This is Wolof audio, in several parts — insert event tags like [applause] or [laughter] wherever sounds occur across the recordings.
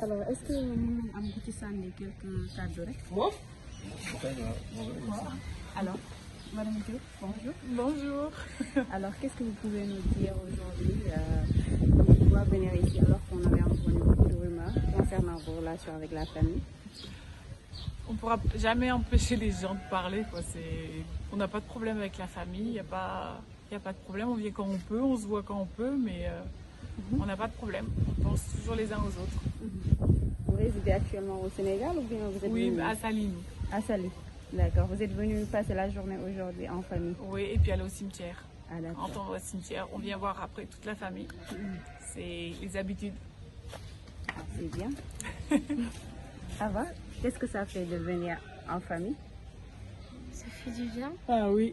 alors est-ce que vous nañ am ku quelque quelques kàddu bon. alors. Madame Dieu, bonjour. Bonjour. [laughs] alors, qu'est-ce que vous pouvez nous dire aujourd'hui euh, pouvoir venir ici alors qu'on avait entendu beaucoup de rumeurs concernant vos relations avec la famille On ne pourra jamais empêcher les gens de parler. Quoi. On n'a pas de problème avec la famille, il n'y a, pas... a, pas de problème. On vient quand on peut, on se voit quand on peut, mais euh, on n'a pas de problème. On pense toujours les uns aux autres. Vous résidez actuellement au Sénégal ou bien vous êtes Oui, à Saline. À Saline. D'accord. Vous êtes venu passer la journée aujourd'hui en famille Oui, et puis aller au cimetière. Ah, on au cimetière, on vient voir après toute la famille. C'est les habitudes. C'est bien. Ça va. qu'est-ce que ça fait de venir en famille Ça fait du bien. Ah oui.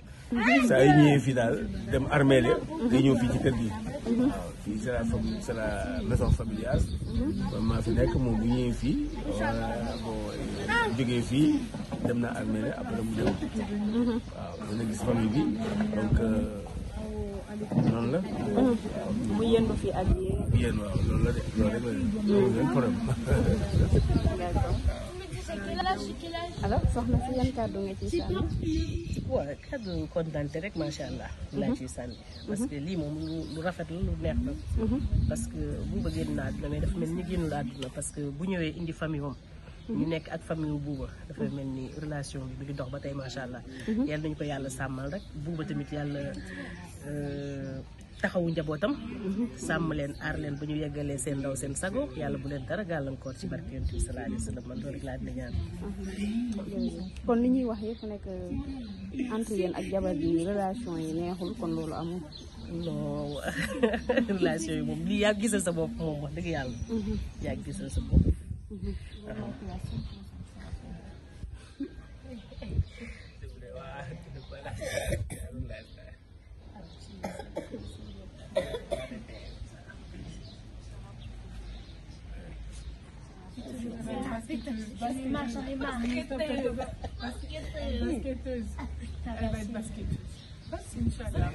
saa yu ñëwee fii daal dem armeel ya ñëw fii ci kër gi waaw fii c'est la famille maison familiale man maa fi nekk moom bu ñëwee fii boo jógee fii dem naa armeel ya après mu dem waaw dana gis famille bi donc euh, noonu la. mu yéen fii ak yéen. yéen waaw loolu la de loolu rek la de. [laughs] alors ah soxna si yan kàddu nga ciy sànni. waaw kàddu kontante rek macha allah. laa mhm. ciy sànni. Mhm. parce que lii moom lu rafet la lu neex la. Mhm. parce que bu bëggee génn àdduna mais dafa mel ni génnul àdduna parce que bu ñëwee indi famille am. ñu nekk ak famille buuba dafay mel ni relation bi mi dox ba tey macha allah. nañu ko yàlla sàmmal rek buuba tamit yàlla. Euh, taxawu njabootam sàmm leen aar leen ba ñu yeggalee seen ndaw seen sago yàlla bu leen dara gàllankoor ci barke yonent bi sallallahu alayhi wa sallam man loolu rek laa di ñaan kon li ñuy wax yëpp nekk entre yéen ak jabar bi relation yi neexul kon loolu amul non [laughs] relation yi moom lii yaa gisal sa bopp moom wax dëgg yàlla mhm. yaa gisal sa bopp mhm. ah. basqueteuses. Image Elle va être basquetteuse. Inch'Allah.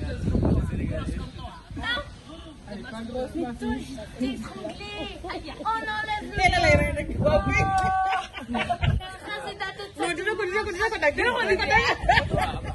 Elle est pas grosse, ma fille. T'es étranglée. Oh Non, tu veux que je dise que je dise que je dise que je dise que je dise que je dise